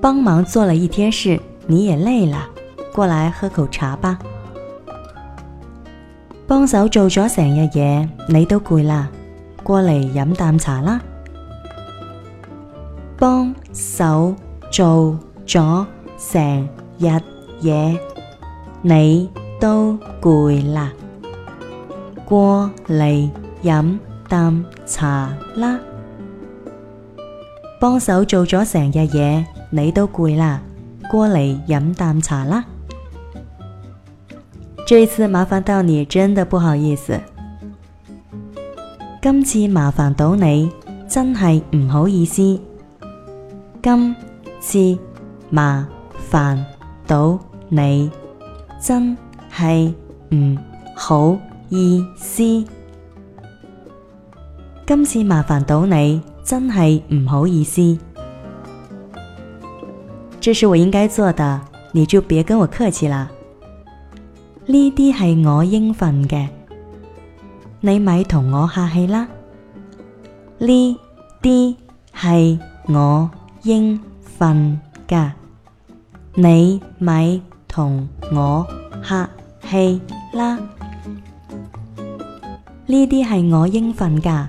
幫忙做了一天事，你也累了，過來喝口茶吧。幫手做咗成日嘢，你都攰啦，過嚟飲啖茶啦。幫手做咗成日嘢，你都攰啦，過嚟飲啖茶啦。幫手做咗成日嘢，你都攰啦，過嚟飲啖茶啦。這次麻煩到你，真的不好意思。今次麻煩到你，真係唔好意思。今次麻煩到你，真係唔好意思。今次麻煩到你。.真係唔好意思，這是我應該做的，你就別跟我客氣啦。呢啲係我應份嘅，你咪同我客氣啦。呢啲係我應份噶，你咪同我客氣啦。呢啲係我應份噶。